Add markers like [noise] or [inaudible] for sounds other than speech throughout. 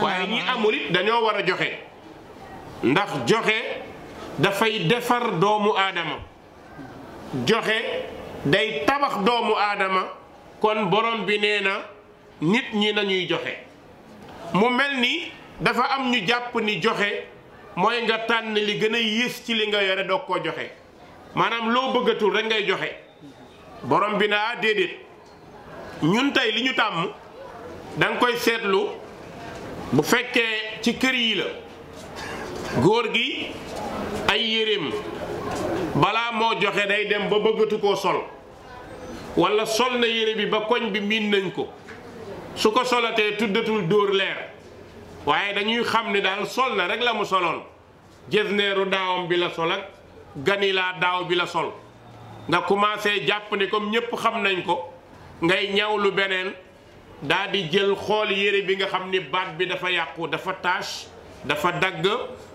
waaye ñi amul it dañoo war a joxe ndax joxe dafay defar doomu aadama joxe day tabax doomu aadama kon borom bi nee na nit ñi nañuy joxe mu mel ni dafa am ñu jàpp ni joxe mooy nga tànn li gën a yées ci li nga yore dog koo joxe maanaam loo bëggatul rek ngay joxe borom bi naa ah, déedéet ñun tey li ñu tàmm danga koy seetlu bu fekkee ci kër yi la góor gi ay yéreem balaa moo joxe day dem ba bëggatu ko sol wala sol na yére bi ba koñ bi miin nañ ko su ko solatee tuddatul dóor leer waaye dañuy xam ni daal sol na rek la mu soloon jësneeru daawam bi la sol ak ganilaa daaw bi la sol nga commencé jàpp ne comme ñépp xam nañ ko ngay ñaw lu beneen daa di jël xool yére bi nga xam ni baat bi dafa yàqu dafa tache dafa dagg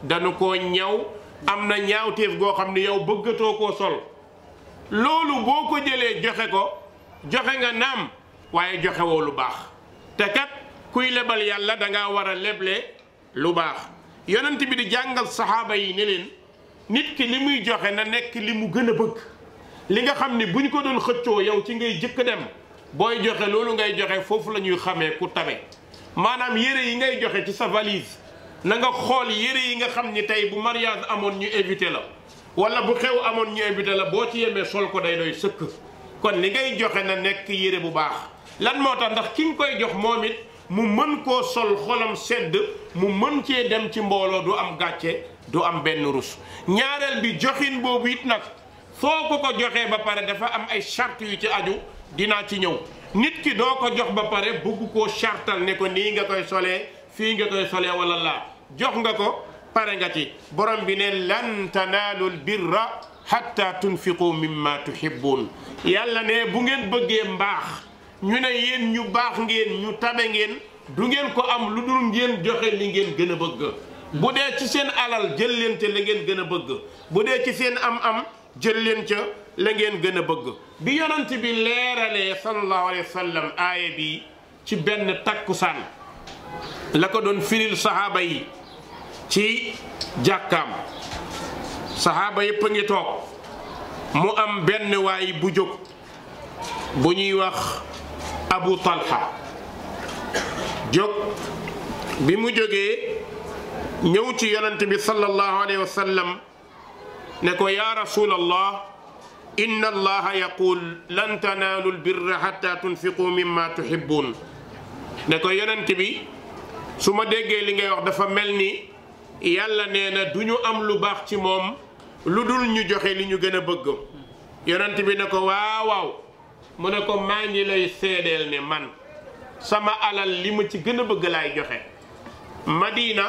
dañu ko ñaw am na ñaawteef goo xam ni yow bëggatoo koo sol loolu boo ko jëlee joxe ko joxe nga naam waaye joxe lu baax te kat kuy lebal yàlla danga war a leble lu baax yonent bi di jàngal saxaaba yi ne leen nit ki li muy joxe na nekk li mu gën a bëgg li nga xam ni buñ ko doon xëccoo yow ci ngay jëkk dem booy joxe loolu ngay joxe foofu la ñuy xamee ku tabe maanaam yére yi ngay joxe ci sa valise na nga xool yére yi nga xam ni tey bu mariage amoon ñu invité la wala bu xew amoon ñu invité la boo ci yemee sol ko day doy sëkk kon li ngay joxe na nekk yére bu baax lan moo tax ndax ki nga koy jox moom it mu mën koo sol xolam sedd mu mën cee dem ci mbooloo du am gàcce du am benn rus ñaareel bi joxin boobu it nag foo ko ko joxee ba pare dafa am ay charte yu ci aju dinaa ci ñëw nit ki doo ko jox ba pare bugg koo chartal ne ko nii nga koy sole fii nga koy solee walla laa jox nga ko pare nga ci borom bi ne lan biir birra hatta tunfiqu mimma tuhibbun yàlla ne bu ngeen bëggee mbaax ñu ne yéen ñu baax ngeen ñu tabe ngeen du ngeen ko am lu dul ngeen joxe li ngeen gën a bëgg bu dee ci seen alal jël leen ca li ngeen gën a bëgg bu dee ci seen am am jël leen ca la ngeen gën bëgg bi yonent bi leeralee sallallahu alayhi sallam aaya bi ci benn takkusaan la ko doon firil saxaaba yi ci jàkkaam saxaaba yépp a ngi toog mu am benn waay bu jóg bu ñuy wax Abu Talha jóg bi mu jógee ñëw ci yonent bi sallallahu alayhi wa ne ko yaa rasulallah inna allaha yaqul lan tanaalu lbirra hatta tunfiqu mimma tuhibbun ne ko yonent bi su ma déggee li ngay wax dafa mel ni yàlla nee na du ñu am lu baax ci moom lu dul ñu joxe li ñu gën a bëgg yonent bi ne ko waaw mu ne ko maa ngi lay seedeel ne man sama alal li ma ci gën bëgg lay joxe madina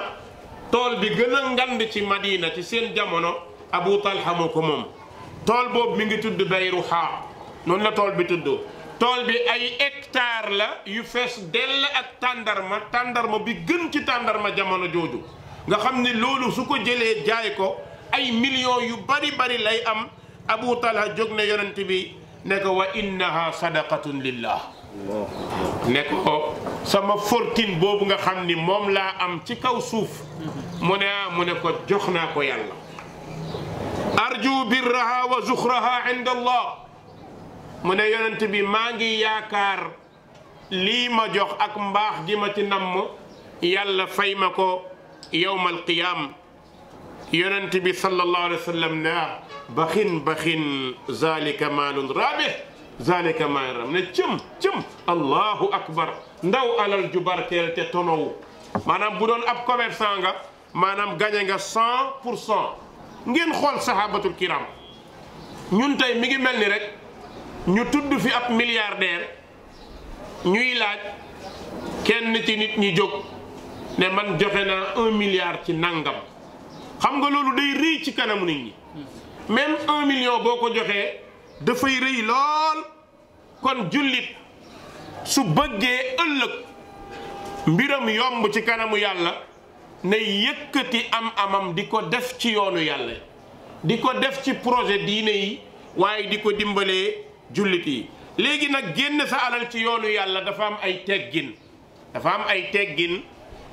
tool bi gën a ngand ci madina ci seen jamono abu talha ko moom tool boobu mu ngi tudd Bayruha noonu la tool bi tudd tool bi ay hectare la yu fees dell ak tàndarma tàndarma bi gën ci tàndarma jamono jooju nga xam ni loolu su ko jëlee jaay ko ay millions yu bari bari lay am Abu Talha jóg na yonent bi ne ko wa innaha sadaqatun lillah ne ko sama fortune boobu nga xam ni moom laa am ci kaw suuf mu ne ah, mu ne ko jox naa ko yàlla arju birraha wa zuxraha inda allah mu ne yonent bi maa ngi yaakaar lii ma jox ak mbaax gi ma ci namm yàlla fay ma ko yowmal qiyaam yonent bi sallallahu alayhi wa sallam ne ah baxin baxin zalika maalun raabih zalika maalun raabih ne cëm cëm allahu akbar ndaw alal ju barkeel te tonowu maanaam bu doon ab commerçant nga maanaam gañe nga cent pour cent ngeen xool sahabatul kiram ñun tey mi ngi mel ni rek ñu tudd fi ab milliardaire ñuy laaj kenn ci nit ñi jóg ne man joxe naa un milliard ci nàngam xam nga loolu day rëy ci kanamu nit ñi même un million boo ko joxee dafay rëy lool kon jullit su bëggee ëllëg mbiram yomb ci kanamu yàlla na yëkkati am amam di ko def ci yoonu yàlla di ko def ci projet diine yi waaye di ko dimbalee jullit yi léegi nag génn sa alal ci yoonu yàlla dafa am ay teggin dafa am ay teggin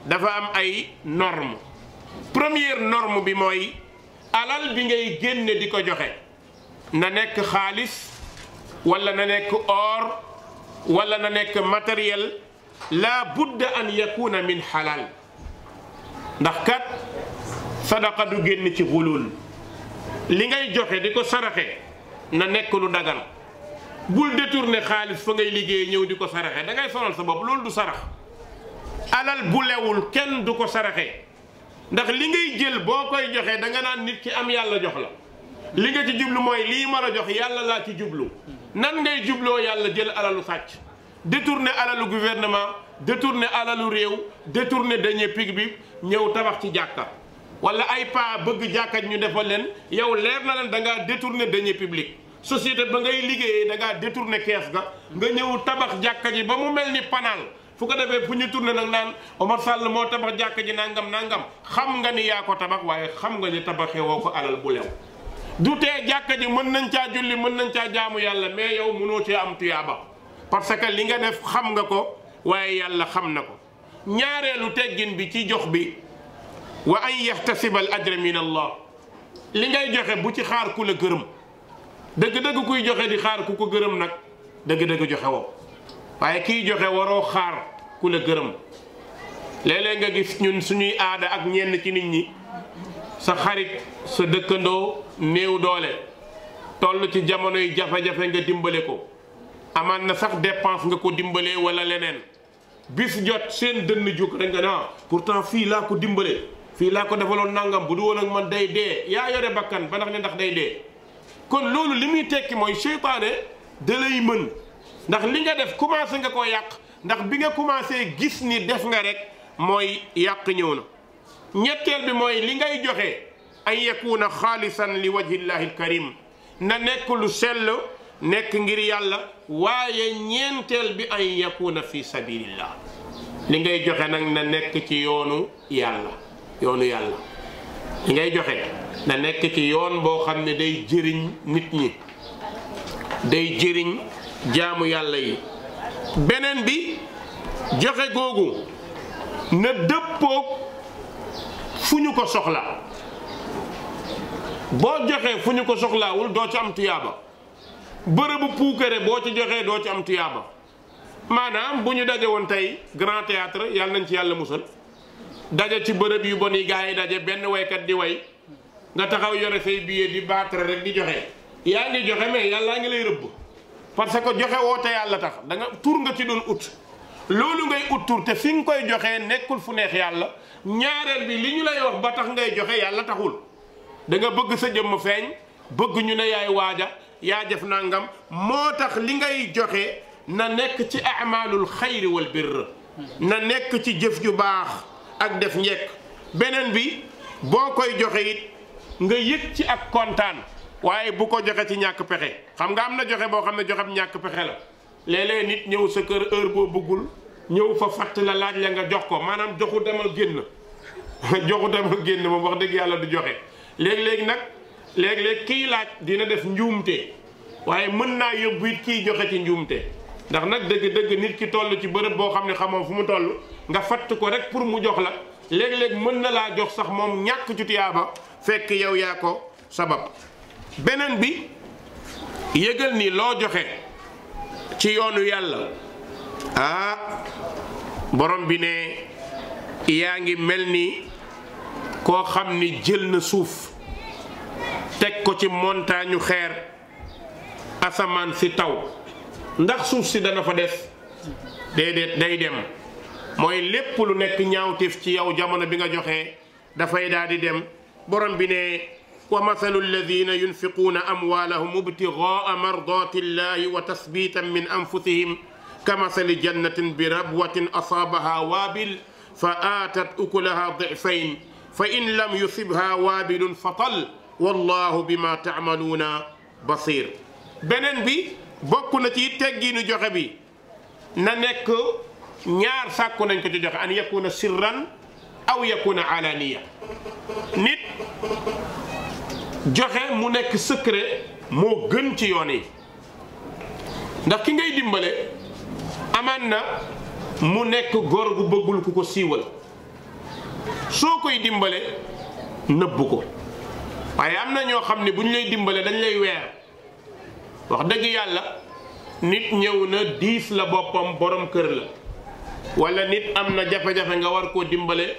dafa am ay norme première norme bi mooy alal bi ngay génne di ko joxe na nekk xaalis walla na nekk or wala na nekk matériel la budda an yakuna min halal ndax kat sadaqa du génn ci xulul li ngay joxe di ko saraxe na nekk lu dagal bul turne xaalis fa ngay liggéey ñëw di ko saraxe da ngay sonal sa bopp loolu du sarax alal bu lewul kenn du ko saraxe ndax li ngay jël boo koy joxe danga naan nit ki am yàlla jox la li nga ci jublu mooy lii ma la jox yàlla laa ci jublu nan ngay jubloo yàlla jël alalu sàcc détourné alalu gouvernement détourné alalu réew détourné deniers publics bi ñëw tabax ci jàkka wala ay paa bëgg jàkka ñu defal leen yow leer na leen da ngaa détourné deniers publics société ba ngay liggéeyee dangaa ngaa détourné kees ga nga ñëw tabax jàkka ji ba mu mel ni panaal fu ko defee fu ñu tourné nag naan Omar Sall moo tabax jàkka ji nàngam nangam xam nga ni yaa ko tabax waaye xam nga ni tabaxee woo ko alal bu lew du tee jàkka ji mën nañ caa julli mën nañ caa jaamu yàlla mais yow mënoo cee am tuyaaba waaye yàlla xam na ko ñaareelu teggin bi ci jox bi wa an yaxtasibal ajra min allah li ngay joxe bu ci xaar ku la gërëm dëgg-dëgg kuy joxe di xaar ku ko gërëm nag dëgg-dëgg joxe woo waaye kiy joxe waroo xaar ku la gërëm léeg nga gis ñun suñuy aada ak ñenn ci nit ñi sa xarit sa dëkkandoo néew doole toll ci jamonoy jafe-jafe nga dimbale ko amaan na sax dépense nga ko dimbalee wala leneen bis jot seen dënn jóg rek nga pour ah, pourtant fii laa ko dimbale fii laa ko defaloon nangam bu du woon ak man day dee yaa yore bakkan ba ndax ne ndax day dee kon loolu li muy tekki mooy seytaane da lay mën ndax li nga def commencé nga ko yàq ndax bi nga commencé gis ni def nga rek mooy yàq ñëw na ñetteel bi mooy li ngay joxe ay yakuuna xaalisan li wajhillahi alkarim na nekk lu sell nekk ngir yàlla waaye ñeenteel bi an yakuna fi sabilillah li ngay joxe nag na nekk ci yoonu yàlla yoonu yàlla li ngay joxe na nekk ci yoon boo xam ne day jëriñ nit ñi day jëriñ jaamu yàlla yi beneen bi joxe googu na dëppoog fu ñu ko soxla boo joxee fu ñu ko soxlaawul doo ci am tuyaaba bërëbu puukare boo ci joxee doo ci am tuyaaba maanaam bu ñu dajee woon tey grand théâtre yàlla nañ ci yàlla musal daje ci bërëb yu bon yi gars yi daje benn waykat di way nga taxaw yore say billet di battre rek di joxe yaa ngi joxe mais yàllaa ngi lay rëbb parce que joxe woo te yàlla tax danga nga tur nga ci doon ut loolu ngay ut tur te fi nga koy joxee nekkul fu neex yàlla ñaareel bi li ñu lay wax ba tax ngay joxe yàlla taxul da bëgg sa jëmm feeñ yaa def nangam moo tax li ngay joxe na nekk ci amalul xayri wal birr na nekk ci jëf ju baax ak def njekk beneen bi boo koy joxe it nga yëg ci ak kontaan waaye bu ko joxe ci ñàkk pexe xam nga am na joxe boo xam ne joxe bu ñàkk pexe la léeg nit ñëw sa kër heure boo bëggul ñëw fa fatt la laaj la nga jox ko maanaam joxu demal génn [laughs] joxu demal génn moom wax dëgg yàlla du joxe léegi-léegi nag léeg-léeg kii laaj dina def njuumte waaye mën naa yóbbu it joxe ci njuumte ndax nag dëgg-dëgg nit ki toll ci bërëb boo xam ne xamoo fu mu toll nga fatt ko rek pour mu jox la léeg-léeg mën na laa jox sax moom ñàkk ci tiyaaba fekk yow yaa ko sabab beneen bi yëgal ni loo joxe ci yoonu yàlla ah borom bi ne yaa ngi mel ni koo xam ni jël na suuf teg ko ci montagne xeer asamaan si taw ndax suuf si dana fa des déedéet day dem mooy lépp lu nekk ñaawtif ci yow jamono bi nga joxe dafay daal di dem borom bi ne wa mathalu alladina yunfiquuna amwaalahum ibtigaa mardati illahi wa tasbitan min anfusihim ka mathali jannatin bi rabwatin asaabaha waabil fa aatat ukulaha difayn fa in lam yusibha waabilun fatal wallahu bima taamaluuna basir beneen bi bokk na ci teggiinu joxe bi na nekk ñaar sàkku nañ ko ci joxe an yakuna sirran aw yakuna alaniya nit joxe mu nekk secret moo gën ci yoon yi ndax ki ngay dimbale amaan na mu nekk góor gu bëggul ku ko siiwal soo koy dimbale nëbbu ko waaye am na ñoo xam ne bu ñu lay dimbalee dañu lay weer wax dëgg yàlla nit ñëw na diis la boppam borom kër la wala nit am na jafe-jafe nga war koo dimbale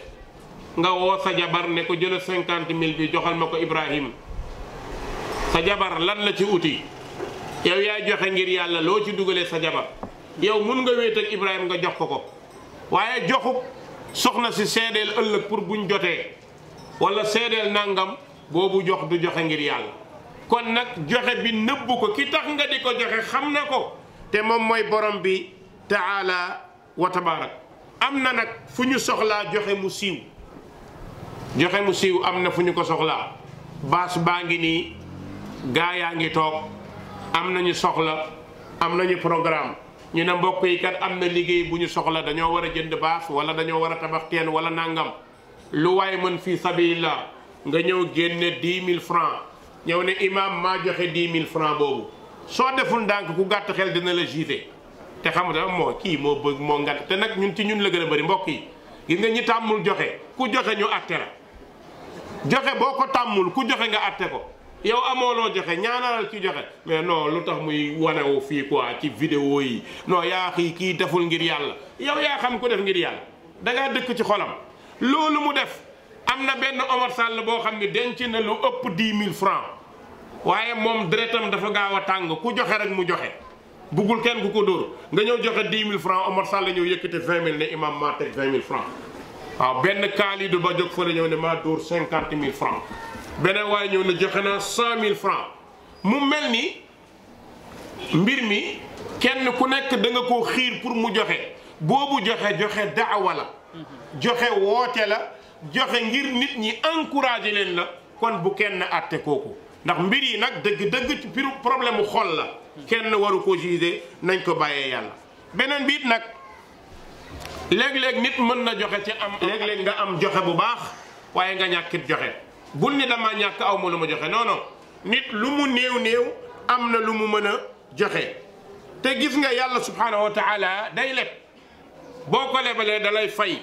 nga woo sa jabar ne ko jëla cinquante mille bi joxal ma ko Ibrahim sa jabar lan la ci uti yow yaay joxe ngir yàlla loo ci dugalee sa jabar yow mun nga wéet ak nga jox ko ko waaye joxub soxna si seedeel ëllëg pour buñ jotee walla seedeel nangam boobu jox du joxe ngir yàlla kon nag joxe bi nëbbu ko ki tax nga di ko joxe xam na ko te moom mooy borom bi taala wa tabaarak am na nag fu ñu soxlaa joxe mu siiw joxe mu siiw am na fu ñu ko soxla baas baa ngi nii gaa yaa ngi toog am nañu soxla am nañu programme ñu ne mbokk yi kat am na liggéey bu ñu soxla dañoo war a jënd baas wala dañoo war a tabax teen wala nàngam lu waaye mën fii sabilillah nga ñëw génne dix mille francs ñëw ne imaam maa joxe dix mille francs boobu soo deful ndànk ku gàtt xel dina la jiite te xam nga moo kii moo bëgg moo ngal te nag ñun ci ñun la gën a bëri mbokk yi gis nga ñi tàmmul joxe ku joxe ñu atte la joxe boo ko tàmmul ku joxe nga atte ko yow amoo loo joxe ñaanalal ci joxe mais non lu tax muy wanewu fii quoi ci vidéo yi noo yaa xii kii deful ngir yàlla yow yaa xam ku def ngir yàlla da ngaa dëkk ci xolam loolu mu def. am na benn Omar Sall boo xam ne denc na lu ëpp dix mille francs waaye moom deretam dafa gaaw a tàng ku joxe rek mu joxe buggul kenn ku ko dóor nga ñëw joxe dix mille francs Omar Sall ñëw yëkkate vingt mille ne imam maa teg vingt mille francs waaw benn Khalidou ba jóg fële ñëw ne maa dóor cinquante mille francs beneen waaye ñëw ne joxe naa mille francs mu mel ni mbir mi kenn ku nekk da nga koo xiir pour mu joxe boobu joxe joxe daawa la mm-hmm. joxe woote la joxe ngir nit ñi encouragé leen la kon bu kenn àtte kooku ndax mbir yi nag dëgg-dëgg ci problème mu xol la kenn waru ko jugé nañ ko bàyyee yàlla beneen biit nag léeg-léeg nit mën na joxe ci am léeg-léeg nga am joxe bu baax waaye nga ñàkkit joxe bul ni dama ñàkk aw ma lu ma joxe non nit lu mu néew néew am na lu mu mën a joxe te gis nga yàlla subhanahu wa taala day leb boo ko lebalee dalay fay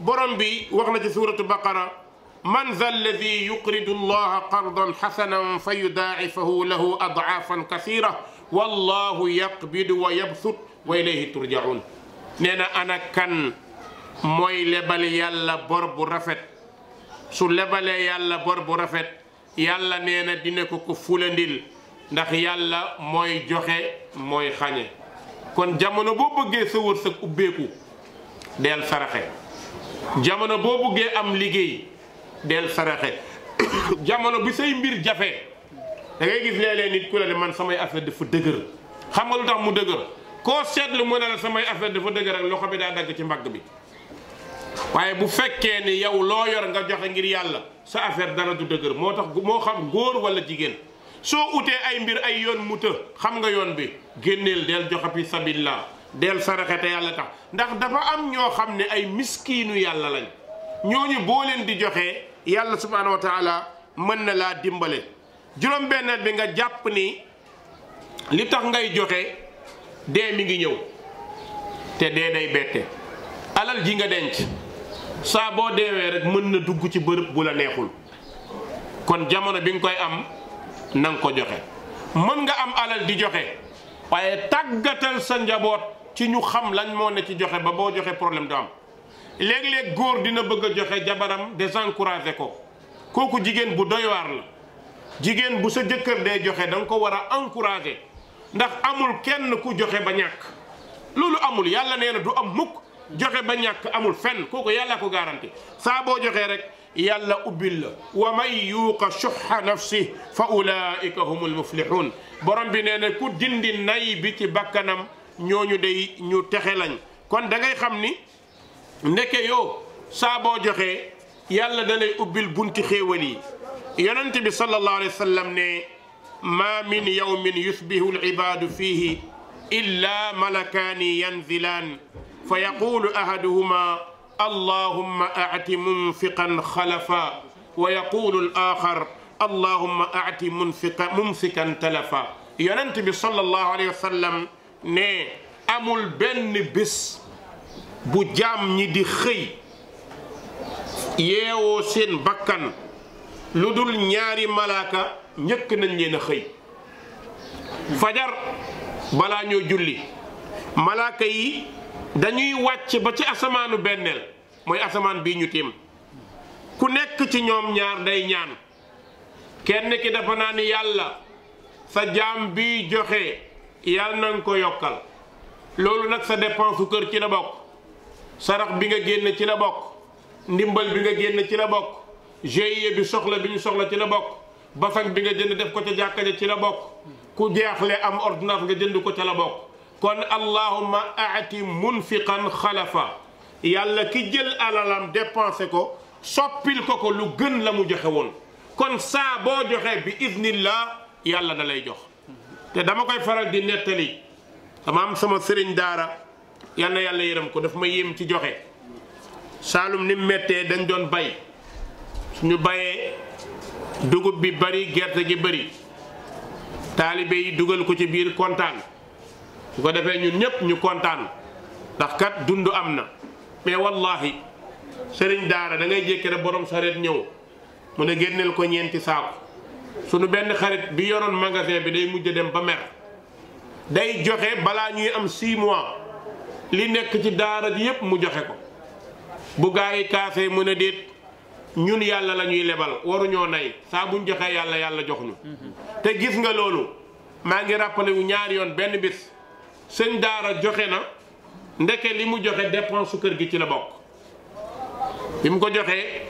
borom bi wax na ci suuratu baqara man za alladi yuqridu allaha qardan xasanan fa yudaacifahu lahu adcaafan kasira wallahu yaqbidu wa yabsut wa ilayhi turjaun nee na ana kan mooy lebal yàlla bor bu rafet su lebalee yàlla bor bu rafet yàlla nee na dina ko ko fulandil ndax yàlla mooy joxe mooy xañe kon jamono boo bëggee sa wërsëg ubbeeku del saraxe jamono boo buggee am liggéey del saraxe [coughs] jamono bi say mbir jafe da gis léeg-léeg nit ku la ne man samay affaire dafa dëgër xam nga lu tax mu dëgër koo seetlu mu ne samay affaire dafa dëgër ak loxo bi daa dagg ci mbagg bi waaye bu fekkee ni yow loo yor nga joxe ngir yàlla sa affaire dara du dëgër moo tax moo xam góor wala jigéen soo utee ay mbir ay yoon mu të xam nga yoon bi génneel del joxe fi sabilillah del sa te yàlla tax ndax dafa am ñoo xam ne ay miskiinu yàlla lañ ñooñu boo leen di joxe yàlla subhaanahu wa taala mën na laa dimbale juróom-benneel bi nga jàpp ni li tax ngay joxe dee mi ngi ñëw te dee day bette alal ji nga denc saa boo deewee rek mën na dugg ci bërëb bu la neexul kon jamono bi nga koy am na nga ko joxe mën nga am alal di joxe waaye tàggatal sa njaboot. ci ñu xam lañ moom ne ci joxe ba boo joxe problème du am léeg-léeg góor dina bëgg a joxe jabaram désencouragé ko kooku jigéen bu doy waar la jigéen bu sa jëkkër dee joxe da nga ko war a encouragé ndax amul kenn ku joxe ba ñàkk loolu amul yàlla nee na du am mukk joxe ba ñàkk amul fenn kooku yàlla ko garanti saa boo joxee rek yàlla ubbil la wa man yuuqa shuhha nafsi fa ulaika humul muflihun borom bi nee ku dindi nay bi ci bakkanam ñooñu day ñu texe lañ kon da ngay xam ni ndeke yoo saa boo joxee yàlla da lay ubbil bunti xéewal yi yonent bi sallallahu alayhi wa sallam ne ma min yawmin yusbihu al-ibaadu fiihi illa malakaani yanzilaan fa yaquulu ahaduhuma allahumma a'ti munfiqan xalafa wa yaquulu al-axar allahumma a'ti munfiqan mumsikan talafa yonent bi sallallahu alayhi wa sallam ne amul benn bés bu jaam ñi di xëy yeewoo seen bakkan lu dul ñaari malaaka ñëkk nañ leen xëy fajar balaa ñoo julli malaaka yi dañuy wàcc ba ci asamaanu benneel mooy asamaan bii ñu tiim ku nekk ci ñoom ñaar day ñaan kenn ki dafa naa yàlla sa jaam bi joxe yàlla na ko yokkal loolu nag sa dépense su kër ci la bokk sarax bi nga génn ci la bokk ndimbal bi nga génn ci la bokk GIE bi soxla bi ñu soxla ci la bokk basang bi nga jënd def ko ca jàkka ci la bokk ku jeexle am ordonnance nga jënd ko ca la bokk kon allahumma aati munfiqan xalafa yàlla ki jël alalam dépensé ko soppil ko ko lu gën la mu joxe woon kon saa boo joxee bi idnillah yàlla da lay jox te dama koy faral di nettali dama am sama sëriñ daara yàlla yàlla yërëm ko daf ma yéem ci joxe saalum ni mu méttee dañ doon bay ñu bayee dugub bi bari gerte gi bari taalibe yi dugal ko ci biir kontaan su ko defee ñun ñëpp ñu kontaan ndax kat dund am na mais wallahi sëriñ daara da ngay jékki rek borom sareet ñëw mu ne génneel ko ñeenti saako sunu benn xarit bi yoroon magasin bi day mujj dem ba mer day joxe balaa ñuy am 6 mois li nekk ci daara ji yépp mu joxe ko bu gaa yi kaasee mën a déet ñun yàlla la ñuy lebal waruñoo nay saa buñ joxee yàlla yàlla joxuñu mm-hmm. te gis nga loolu maa ngi rappelé wu ñaari yoon benn bis sëñ daara joxe na ndeke li mu joxe dépense su kër gi ci la bokk bi mu ko joxee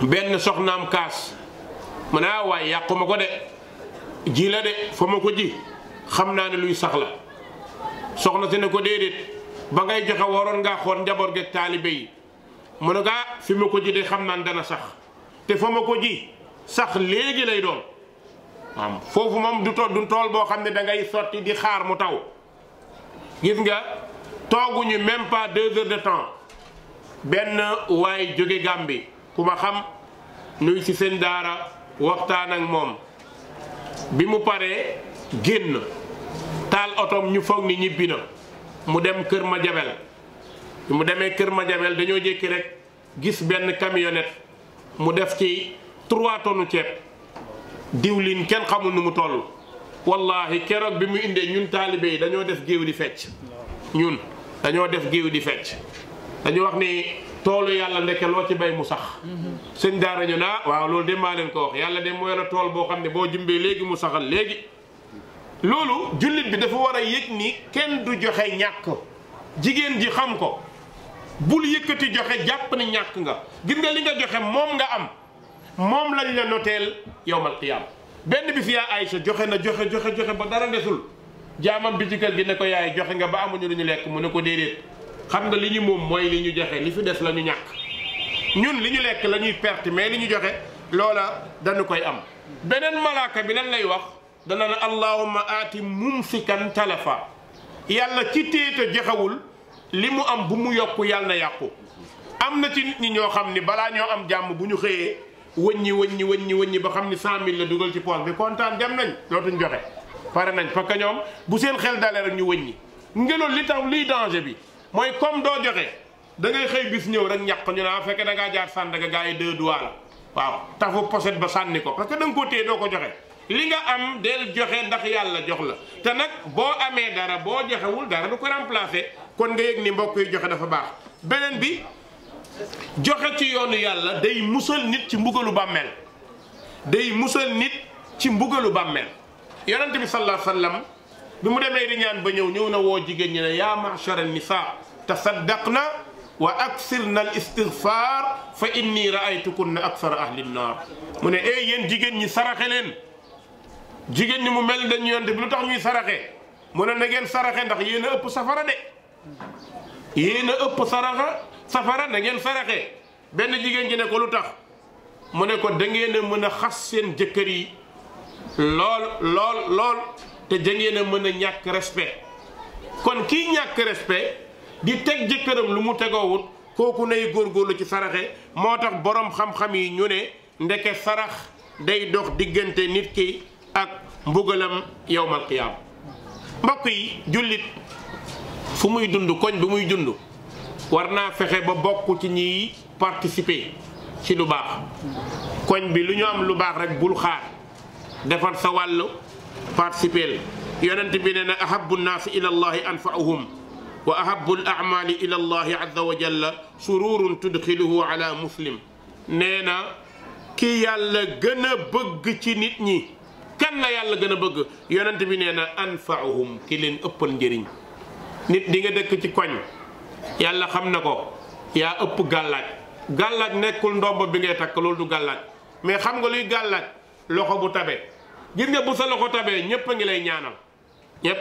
benn soxnaam kaas ma ne ah waay yàqu ma ko de ji la de fa ma ko ji xam naa ne luy sax la soxna si ne ko déedéet ba ngay joxe waroon ngaa xool njaboot geeg taalibe yi mu ne ko ah fi ma ko ji de xam naa ne dana sax te fa ma ko ji sax léegi lay doon waaw foofu moom du tool du tool boo xam ne da ngay sotti di xaar mu taw gis nga tooguñu même pas deux heures de temps benn waay jóge Gàmbi ku ma xam nuy ci seen daara waxtaan ak moom bi mu paree génn taal otom ñu foog ni ñibbi na mu dem Kër ma bi mu demee Kër Madiabel dañoo jékki rek gis benn camionnette mu def ci 3 tonnes ceeb diwlin kenn xamul nu mu toll wallahi keroog bi mu indee ñun taalibe yi dañoo def géew di fecc ñun dañoo def géew di fecc dañu wax ni toolu yàlla ndeke loo ci bay mu sax seen daara ñu naa ah, waaw loolu de maa leen ko wax yàlla de mooy la tool boo xam ne boo jumbee léegi mu saxal léegi loolu jullit bi dafa war a yëg ni kenn du joxe ñàkk jigéen ji xam ko bul yëkkati joxe jàpp ni ñàkk nga gis nga li nga joxe moom nga am moom lañ la noteel yowmal qiyaam benn bi fi yaa Aysa joxe na joxe joxe joxe ba dara desul jaamam bi ci kër ne ko yaay joxe nga ba amuñu lu ñu lekk mu ne ko déedéet xam nga li ñu moom mooy li ñu joxe li fi des la ñàkk ñun li ñu lekk la ñuy perte mais li ñu joxe loola dañu koy am beneen malaaka bi lan lay wax dana ne allahumma aati mumsikan talafa yàlla ci téeta joxewul li mu am bu mu yokk yàlla na yàqu am na ci nit ñi ñoo xam ni balaa ñoo am jàmm bu ñu xëyee wëññi wëññi wëññi wëññi ba xam ni cent mille la dugal ci poche bi kontaan dem nañ dootuñ joxe pare nañ parce que ñoom bu seen xel dalee rek ñu wëññi ngelaw li tax liy mooy comme doo joxe da xëy bis ñëw rek ñàq ñu naa ah, fekkee da ngaa jaar Sandaga gars yi deux doigts la waaw tafu pochette ba sànni ko parce que da nga ko téye doo ko joxe li nga am del joxe ndax yàlla jox la te nag boo amee dara boo joxewul dara du ko remplacer kon nga yëg ni mbokk yi joxe dafa baax beneen bi joxe ci yoonu yàlla day musal nit ci mbugalu bàmmeel day musal nit ci mbugalu bàmmeel yonent bi sallallahu alayhi wa sallam bi mu demee di ñaan ba ñëw ñëw na woo jigéen ñi ne yaa ma'shara nisaa na wa aksirna al istighfar fa inni ra'aytukunna aksara ahli nnar mu ne eh yéen jigéen ñi saraxe leen jigéen ñi mu mel dañu yonte bi lu tax ñuy saraxe mu ne na saraxe ndax yéen ëpp safara de yéen a ëpp saraxa safara na ngeen saraxe benn jigéen ji ne ko lu tax mu ne ko da ngeen mën a xas seen jëkkër yi lool lool lool te dangeen a mën a ñàkk respect kon kii ñàkk respe di teg jëkkëram lu mu tegoowut kooku nay góorgóorlu ci saraxe moo tax boroom xam-xam yi ñu ne ndeke sarax day dox diggante nit ki ak mbugalam yowmal qiyaam mbokk yi jullit fu muy dund koñ bi muy dund war naa fexe ba bokk ci ñiy participer ci lu baax koñ bi lu ñu am lu baax rek bul xaar defal sa wàll participel yonent bi ne na ahabu nnaasi ila allahi anfaauhum wa ahabu l amali ila allahi azza wa jalla sururun tudxiluhu ala muslim nee na ki yàlla gën a bëgg ci nit ñi kan la yàlla gën a bëgg yonent bi nee na anfaauhum ki leen ëppal njëriñ nit di nga dëkk ci koñ yàlla xam na ko yaa ëpp gàllaaj gàllaaj nekkul ndomb bi ngay takk loolu du gàllaaj mais xam nga luy gàllaaj loxo bu tabe jir nga bu sa loxo tabee ñëpp a ngi lay ñaanal ñëpp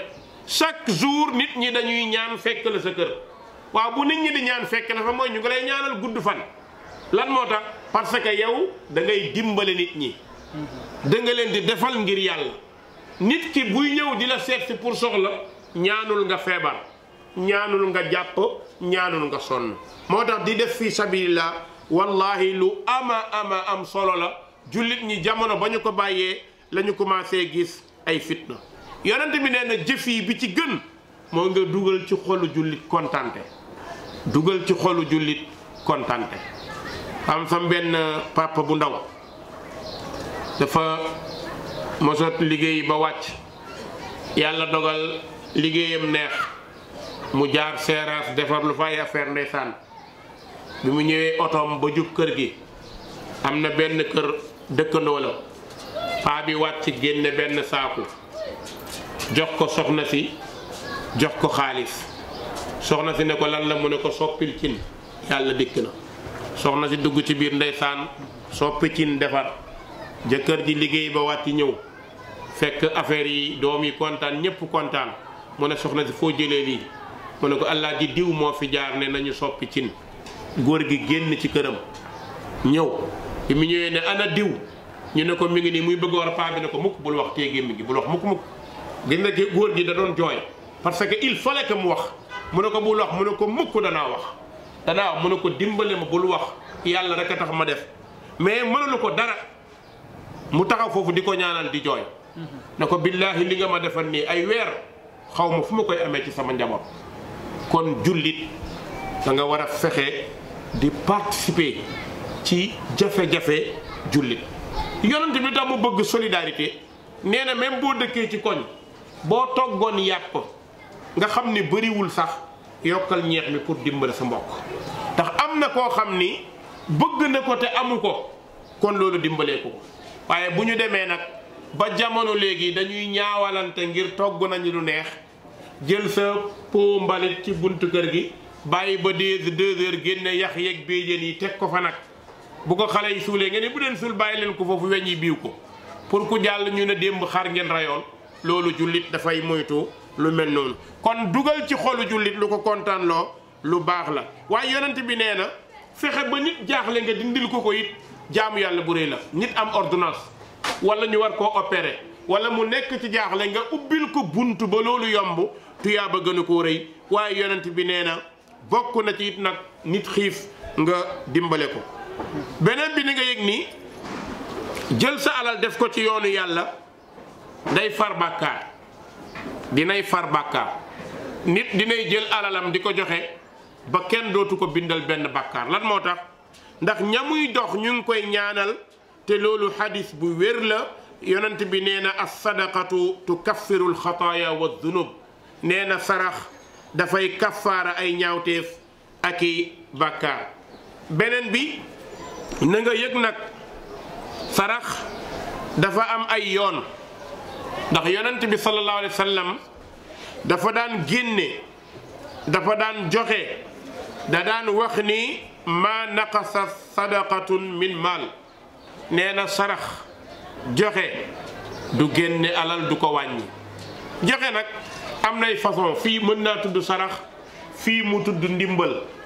chaque jour nit ñi dañuy ñaan fekk la sa kër waaw bu nit ñi di ñaan fekk na fa mooy ñu ngi lay ñaanal gudd fan lan moo tax parce que yow da ngay dimbale nit ñi da leen di defal ngir yàlla nit ki buy ñëw di la seet si pour soxla ñaanul nga feebar ñaanul nga jàpp ñaanul nga sonn moo tax di def fi sabilillah wallahi lu ama ama am solo la jullit ñi jamono ba ñu ko bàyyee lañu ñu commencé gis ay fitna yonent bi nee na jëf yi bi ci gën moo nga dugal ci xolu jullit kontante dugal ci xolu jullit kontante am sam benn papa bu ndaw dafa mosot liggéey ba wàcc yàlla dogal liggéeyam neex mu jaar seeraas defar lu fa ay ndeysaan bi mu ñëwee otoom ba jub kër gi am na benn kër dëkkandoo la paa bi wàcc génne benn saaku jox ko soxna si jox ko xaalis soxna si ne ko lan la mu ne ko soppil cin yàlla dikk na soxna si dugg ci biir ndeysaan soppi cin defar jëkkër ji liggéey ba wàcc ñëw fekk affaire yi doom yi kontaan ñépp kontaan mu ne soxna si foo jëlee lii mu ne ko allah ji diw moo fi jaar ne nañu soppi cin góor gi génn ci këram ñëw bi mu ñëwee ne ana diw ñu ne ko mu ngi nii muy bëgg war a paa bi ne ko mukk bul wax téye gémmi gi bul wax mukk mukk gis nga góor gi da doon jooy parce que il fallait que mu wax mu ne ko bul wax mu ne ko mukk danaa wax danaa wax mu ne ko dimbale ma bul wax yàlla rek a tax ma def mais mënalu ko dara mu taxaw foofu di ko ñaanal di jooy ne ko billaahi li nga ma defal nii ay weer xaw ma fu ma koy amee ci sama njaboot kon jullit da nga war a fexe di participer ci jafe-jafe jullit yonent bi tax bëgg solidarité nee na même boo dëkkee ci koñ boo toggoon yàq ko nga xam ni bëriwul sax yokkal ñeex mi pour dimbale sa mbokk ndax am na koo xam ni bëgg na ko te amu ko kon loolu dimbalee ko waaye bu ñu demee nag ba jamono léegi dañuy ñaawalante ngir togg nañu lu neex jël sa po mbalit ci buntu kër gi bàyyi ba deux heures génne yax yeeg béjjén yi teg ko fa nag bu ko xale yi suulee ngeen ne bu leen suul bàyyi leen ko foofu weñ yi biiw ko pour ku jàll ñu ne démb xar ngeen rayoon loolu jullit dafay moytu lu mel noonu kon dugal ci xolu jullit lu ko kontaanloo lu baax la waaye yonent bi nee na fexe ba nit jaaxle nga dindil ko ko it jaamu yàlla bu rëy la nit am ordonnance wala ñu war koo opérer wala mu nekk ci jaaxle nga ubbil ko bunt ba loolu yomb tuyaaba gënu ko rëy waaye yonent bi nee na bokk na ci it nag nit xiif nga dimbale ko beneen bi ni nga yëg nii jël sa alal def ko ci yoonu yàlla day far bàkkaar dinay far bàkkaar nit dinay jël alalam di ko joxe ba kenn dootu ko bindal benn bàkkaar lan moo tax ndax ñamuy dox ñu ngi koy ñaanal te loolu xadis bu wér la yonent bi nee na as sadaqatu tukaffiru alxataaya wa dunub nee na sarax dafay kaffaara ay ñaawteef ak i bàkkaar beneen bi na nga yëg nag sarax dafa am ay yoon ndax yonent bi sallallahu alayhi wa sallam dafa daan génne dafa daan joxe da daan wax ni maa naqasa sadaqatun min maal nee na sarax joxe du génne alal du ko wàññi joxe nag am nay façon fii mën naa tudd sarax fii mu tudd ndimbal